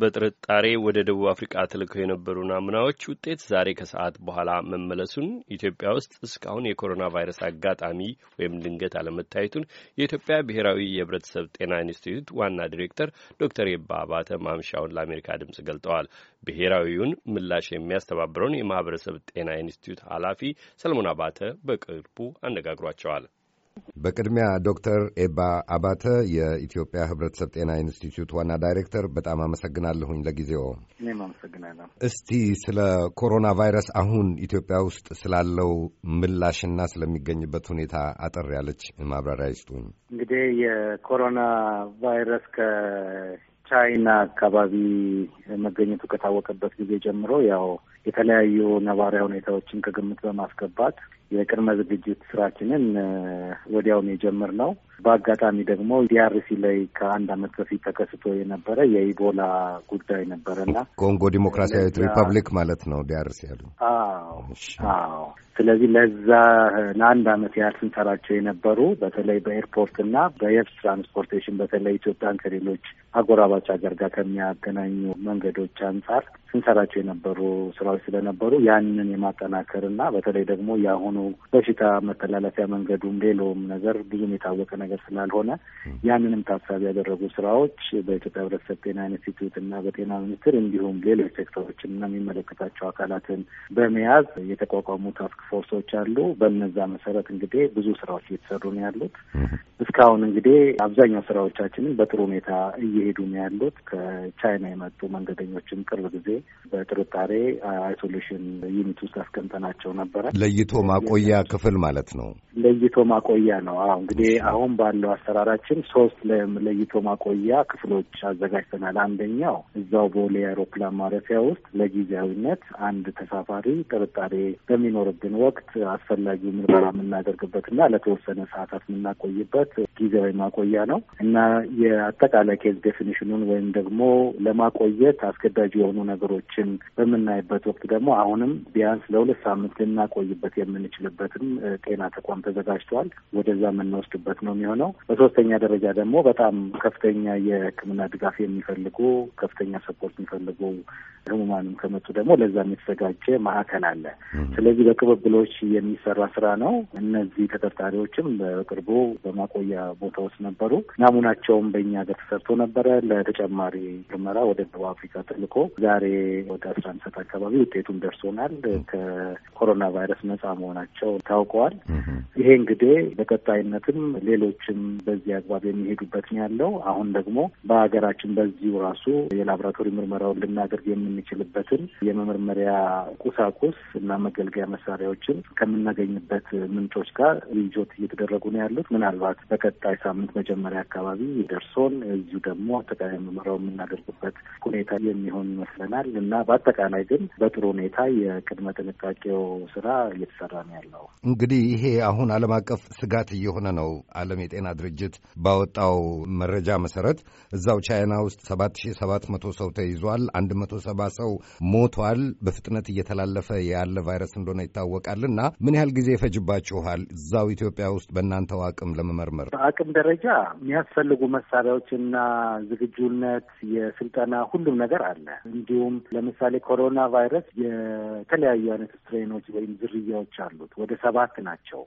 በጥርጣሬ ወደ ደቡብ አፍሪቃ ተልከው የነበሩ ናሙናዎች ውጤት ዛሬ ከሰዓት በኋላ መመለሱን፣ ኢትዮጵያ ውስጥ እስካሁን የኮሮና ቫይረስ አጋጣሚ ወይም ድንገት አለመታየቱን የኢትዮጵያ ብሔራዊ የሕብረተሰብ ጤና ኢንስቲትዩት ዋና ዲሬክተር ዶክተር የባ አባተ ማምሻውን ለአሜሪካ ድምጽ ገልጠዋል። ብሔራዊውን ምላሽ የሚያስተባብረውን የማህበረሰብ ጤና ኢንስቲትዩት ኃላፊ ሰለሞን አባተ በቅርቡ አነጋግሯቸዋል። በቅድሚያ ዶክተር ኤባ አባተ የኢትዮጵያ ሕብረተሰብ ጤና ኢንስቲትዩት ዋና ዳይሬክተር፣ በጣም አመሰግናለሁኝ ለጊዜው። እኔም አመሰግናለሁ። እስቲ ስለ ኮሮና ቫይረስ አሁን ኢትዮጵያ ውስጥ ስላለው ምላሽና ስለሚገኝበት ሁኔታ አጠር ያለች ማብራሪያ ይስጡኝ። እንግዲህ የኮሮና ቫይረስ ከቻይና አካባቢ መገኘቱ ከታወቀበት ጊዜ ጀምሮ ያው የተለያዩ ነባሪያ ሁኔታዎችን ከግምት በማስገባት የቅድመ ዝግጅት ስራችንን የጀምር ነው በአጋጣሚ ደግሞ ዲአርሲ ላይ ከአንድ አመት በፊት ተከስቶ የነበረ የኢቦላ ጉዳይ ነበረና ኮንጎ ዲሞክራሲያዊት ሪፐብሊክ ማለት ነው ዲአርሲ ያሉ። አዎ አዎ። ስለዚህ ለዛ ለአንድ አመት ያህል ስንሰራቸው የነበሩ በተለይ በኤርፖርትና በየብስ ትራንስፖርቴሽን በተለይ ኢትዮጵያን ከሌሎች አጎራባች ሀገር ጋር ከሚያገናኙ መንገዶች አንጻር ስንሰራቸው የነበሩ ስራዎች ስለነበሩ ያንን የማጠናከርና በተለይ ደግሞ የአሁኑ በሽታ መተላለፊያ መንገዱም ሌላውም ነገር ብዙም የታወቀ ነገር ስላልሆነ ያንንም ታሳቢ ያደረጉ ስራዎች በኢትዮጵያ ህብረተሰብ ጤና ኢንስቲትዩት እና በጤና ሚኒስቴር እንዲሁም ሌሎች ሴክተሮችን እና የሚመለከታቸው አካላትን በመያዝ የተቋቋሙ ታስክ ፎርሶች አሉ። በነዛ መሰረት እንግዲህ ብዙ ስራዎች እየተሰሩ ነው ያሉት። እስካሁን እንግዲህ አብዛኛው ስራዎቻችንን በጥሩ ሁኔታ እየሄዱ ነው ያሉት። ከቻይና የመጡ መንገደኞችን ቅርብ ጊዜ በጥርጣሬ አይሶሌሽን ዩኒት ውስጥ አስቀምጠናቸው ነበረ። ለይቶ ማቆ ማቆያ ክፍል ማለት ነው። ለይቶ ማቆያ ነው። አዎ እንግዲህ አሁን ባለው አሰራራችን ሶስት ለይቶ ማቆያ ክፍሎች አዘጋጅተናል። አንደኛው እዛው ቦሌ አውሮፕላን ማረፊያ ውስጥ ለጊዜያዊነት አንድ ተሳፋሪ ጥርጣሬ በሚኖርብን ወቅት አስፈላጊው ምርመራ የምናደርግበትና ለተወሰነ ሰዓታት የምናቆይበት ጊዜያዊ ማቆያ ነው እና የአጠቃላይ ኬዝ ዴፊኒሽኑን ወይም ደግሞ ለማቆየት አስገዳጅ የሆኑ ነገሮችን በምናይበት ወቅት ደግሞ አሁንም ቢያንስ ለሁለት ሳምንት ልናቆይበት የምንችል የምንወስድበትም ጤና ተቋም ተዘጋጅተዋል። ወደዛ የምንወስድበት ነው የሚሆነው። በሶስተኛ ደረጃ ደግሞ በጣም ከፍተኛ የሕክምና ድጋፍ የሚፈልጉ ከፍተኛ ሰፖርት የሚፈልጉ ህሙማንም ከመጡ ደግሞ ለዛ የተዘጋጀ ማዕከል አለ። ስለዚህ በቅብብሎች የሚሰራ ስራ ነው። እነዚህ ተጠርጣሪዎችም በቅርቡ በማቆያ ቦታ ውስጥ ነበሩ። ናሙናቸውም በእኛ ገር ተሰርቶ ነበረ። ለተጨማሪ ምርመራ ወደ ደቡብ አፍሪካ ተልኮ ዛሬ ወደ አስራ አንድ ሰዓት አካባቢ ውጤቱም ደርሶናል። ከኮሮና ቫይረስ ነጻ መሆናቸው ታውቀዋል። ይሄ እንግዲህ በቀጣይነትም ሌሎችም በዚህ አግባብ የሚሄዱበት ያለው። አሁን ደግሞ በሀገራችን በዚሁ ራሱ የላቦራቶሪ ምርመራውን ልናደርግ የምን የሚችልበትን የመመርመሪያ ቁሳቁስ እና መገልገያ መሳሪያዎችን ከምናገኝበት ምንጮች ጋር ልዩጆት እየተደረጉ ነው ያሉት። ምናልባት በቀጣይ ሳምንት መጀመሪያ አካባቢ ደርሶን እዚሁ ደግሞ አጠቃላይ ምርመራው የምናደርጉበት ሁኔታ የሚሆን ይመስለናል እና በአጠቃላይ ግን በጥሩ ሁኔታ የቅድመ ጥንቃቄው ስራ እየተሰራ ነው ያለው። እንግዲህ ይሄ አሁን ዓለም አቀፍ ስጋት እየሆነ ነው። ዓለም የጤና ድርጅት ባወጣው መረጃ መሰረት እዛው ቻይና ውስጥ ሰባት ሺህ ሰባት መቶ ሰው ተይዟል። አንድ መቶ ሰባ አርባ ሰው ሞቷል። በፍጥነት እየተላለፈ ያለ ቫይረስ እንደሆነ ይታወቃል እና ምን ያህል ጊዜ ይፈጅባችኋል እዛው ኢትዮጵያ ውስጥ በእናንተው አቅም ለመመርመር? በአቅም ደረጃ የሚያስፈልጉ መሳሪያዎችና ዝግጁነት፣ የስልጠና ሁሉም ነገር አለ። እንዲሁም ለምሳሌ ኮሮና ቫይረስ የተለያዩ አይነት ስትሬኖች ወይም ዝርያዎች አሉት። ወደ ሰባት ናቸው።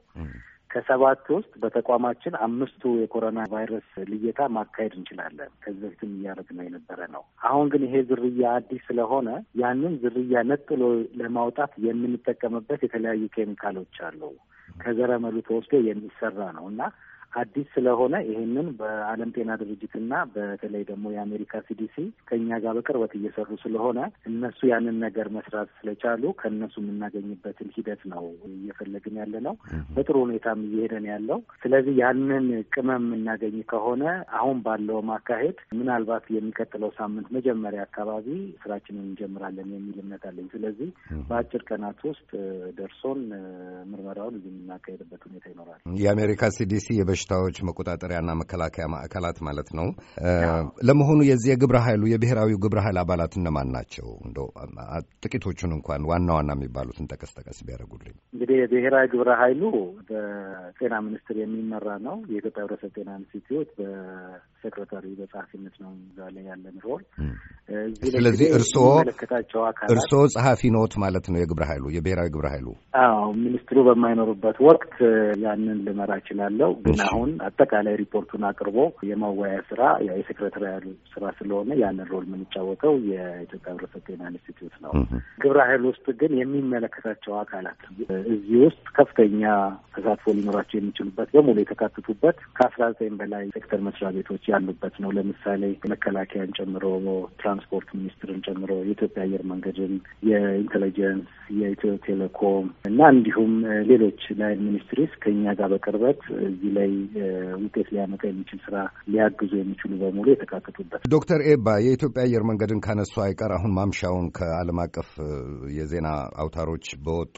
ከሰባት ውስጥ በተቋማችን አምስቱ የኮሮና ቫይረስ ልየታ ማካሄድ እንችላለን። ከዚህ በፊትም እያደረግን ነው የነበረ ነው። አሁን ግን ይሄ ዝርያ አዲስ ስለሆነ ያንን ዝርያ ነጥሎ ለማውጣት የምንጠቀምበት የተለያዩ ኬሚካሎች አሉ። ከዘረመሉ ተወስዶ የሚሰራ ነው እና አዲስ ስለሆነ ይሄንን በዓለም ጤና ድርጅትና በተለይ ደግሞ የአሜሪካ ሲዲሲ ከእኛ ጋር በቅርበት እየሰሩ ስለሆነ እነሱ ያንን ነገር መስራት ስለቻሉ ከእነሱ የምናገኝበትን ሂደት ነው እየፈለግን ያለ ነው። በጥሩ ሁኔታም እየሄደን ያለው። ስለዚህ ያንን ቅመም የምናገኝ ከሆነ አሁን ባለው ማካሄድ ምናልባት የሚቀጥለው ሳምንት መጀመሪያ አካባቢ ስራችንን እንጀምራለን የሚል እምነት አለኝ። ስለዚህ በአጭር ቀናት ውስጥ ደርሶን ምርመራውን እዚህ የምናካሄድበት ሁኔታ ይኖራል። የአሜሪካ ሲዲሲ የበሽ በሽታዎች መቆጣጠሪያና መከላከያ ማዕከላት ማለት ነው። ለመሆኑ የዚህ የግብረ ኃይሉ የብሔራዊው ግብረ ኃይል አባላት እነማን ናቸው? እንደ ጥቂቶቹን እንኳን ዋና ዋና የሚባሉትን ጠቀስ ጠቀስ ቢያደርጉልኝ። እንግዲህ የብሔራዊ ግብረ ኃይሉ በጤና ሚኒስቴር የሚመራ ነው። የኢትዮጵያ ሕብረተሰብ ጤና ኢንስቲትዩት በሴክረታሪ በጸሐፊነት ነው እዛ ላይ ያለን ሮል። ስለዚህ እርስዎ እርስዎ ጸሐፊ ኖት ማለት ነው የግብረ ኃይሉ የብሔራዊ ግብረ ኃይሉ? አዎ ሚኒስትሩ በማይኖሩበት ወቅት ያንን ልመራ እችላለሁ፣ ግን አሁን አጠቃላይ ሪፖርቱን አቅርቦ የማወያያ ስራ የሴክሬታሪያል ስራ ስለሆነ ያንን ሮል የምንጫወተው የኢትዮጵያ ሕብረተሰብ ጤና ኢንስቲትዩት ነው። ግብረ ኃይል ውስጥ ግን የሚመለከታቸው አካላት እዚህ ውስጥ ከፍተኛ ተሳትፎ ሊኖራቸው የሚችሉበት በሙሉ የተካተቱበት ከአስራ ዘጠኝ በላይ ሴክተር መስሪያ ቤቶች ያሉበት ነው። ለምሳሌ መከላከያን ጨምሮ ትራንስፖርት ሚኒስትርን ጨምሮ የኢትዮጵያ አየር መንገድን፣ የኢንቴሊጀንስ፣ የኢትዮ ቴሌኮም እና እንዲሁም ሌሎች ላይ ሚኒስትሪስ ከኛ ጋር በቅርበት እዚህ ላይ ውጤት ሊያመጣ የሚችል ስራ ሊያግዙ የሚችሉ በሙሉ የተካተቱበት። ዶክተር ኤባ የኢትዮጵያ አየር መንገድን ካነሱ አይቀር አሁን ማምሻውን ከዓለም አቀፍ የዜና አውታሮች በወጡ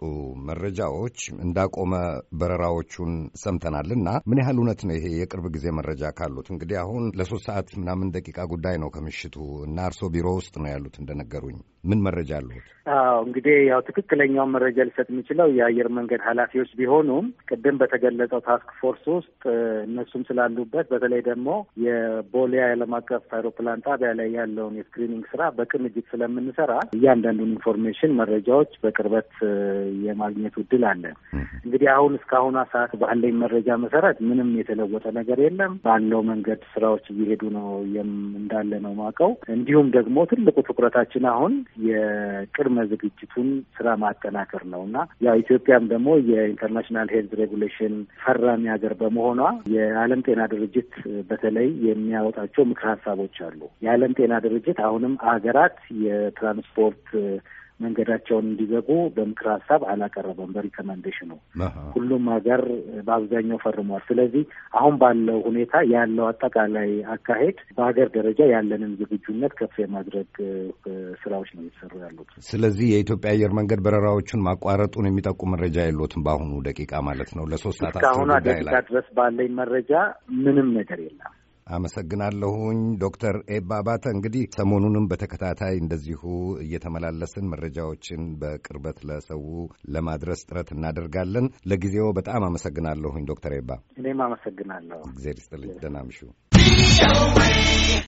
መረጃዎች እንዳቆመ በረራዎቹን ሰምተናል እና ምን ያህል እውነት ነው ይሄ የቅርብ ጊዜ መረጃ ካሉት? እንግዲህ አሁን ለሶስት ሰዓት ምናምን ደቂቃ ጉዳይ ነው ከምሽቱ እና እርሶ ቢሮ ውስጥ ነው ያሉት እንደነገሩኝ። ምን መረጃ አለሁት? አዎ እንግዲህ ያው ትክክለኛውን መረጃ ሊሰጥ የሚችለው የአየር መንገድ ኃላፊዎች ቢሆኑም ቅድም በተገለጸው ታስክ ፎርስ ውስጥ እነሱም ስላሉበት በተለይ ደግሞ የቦሌ ዓለም አቀፍ አውሮፕላን ጣቢያ ላይ ያለውን የስክሪኒንግ ስራ በቅንጅት ስለምንሰራ እያንዳንዱን ኢንፎርሜሽን መረጃዎች በቅርበት የማግኘት ውድል አለ። እንግዲህ አሁን እስካሁኗ ሰዓት ባለኝ መረጃ መሰረት ምንም የተለወጠ ነገር የለም። ባለው መንገድ ስራዎች እየሄዱ ነው እንዳለ ነው ማቀው። እንዲሁም ደግሞ ትልቁ ትኩረታችን አሁን የቅድመ ዝግጅቱን ስራ ማጠናከር ነው እና ያው ኢትዮጵያም ደግሞ የኢንተርናሽናል ሄልት ሬጉሌሽን ፈራሚ ሀገር በመሆኗ የዓለም ጤና ድርጅት በተለይ የሚያወጣቸው ምክር ሀሳቦች አሉ። የዓለም ጤና ድርጅት አሁንም ሀገራት የትራንስፖርት መንገዳቸውን እንዲዘጉ በምክር ሀሳብ አላቀረበም። በሪከመንዴሽኑ ሁሉም ሀገር በአብዛኛው ፈርሟል። ስለዚህ አሁን ባለው ሁኔታ ያለው አጠቃላይ አካሄድ በሀገር ደረጃ ያለንን ዝግጁነት ከፍ የማድረግ ስራዎች ነው የተሰሩ ያሉት። ስለዚህ የኢትዮጵያ አየር መንገድ በረራዎቹን ማቋረጡን የሚጠቁም መረጃ የለትም በአሁኑ ደቂቃ ማለት ነው። ለሶስት ሰዓት እስካሁኑ ደቂቃ ድረስ ባለኝ መረጃ ምንም ነገር የለም። አመሰግናለሁኝ ዶክተር ኤባ አባተ። እንግዲህ ሰሞኑንም በተከታታይ እንደዚሁ እየተመላለስን መረጃዎችን በቅርበት ለሰው ለማድረስ ጥረት እናደርጋለን። ለጊዜው በጣም አመሰግናለሁኝ ዶክተር ኤባ። እኔም አመሰግናለሁ። እግዜር ይስጥልኝ። ደህና እምሹ።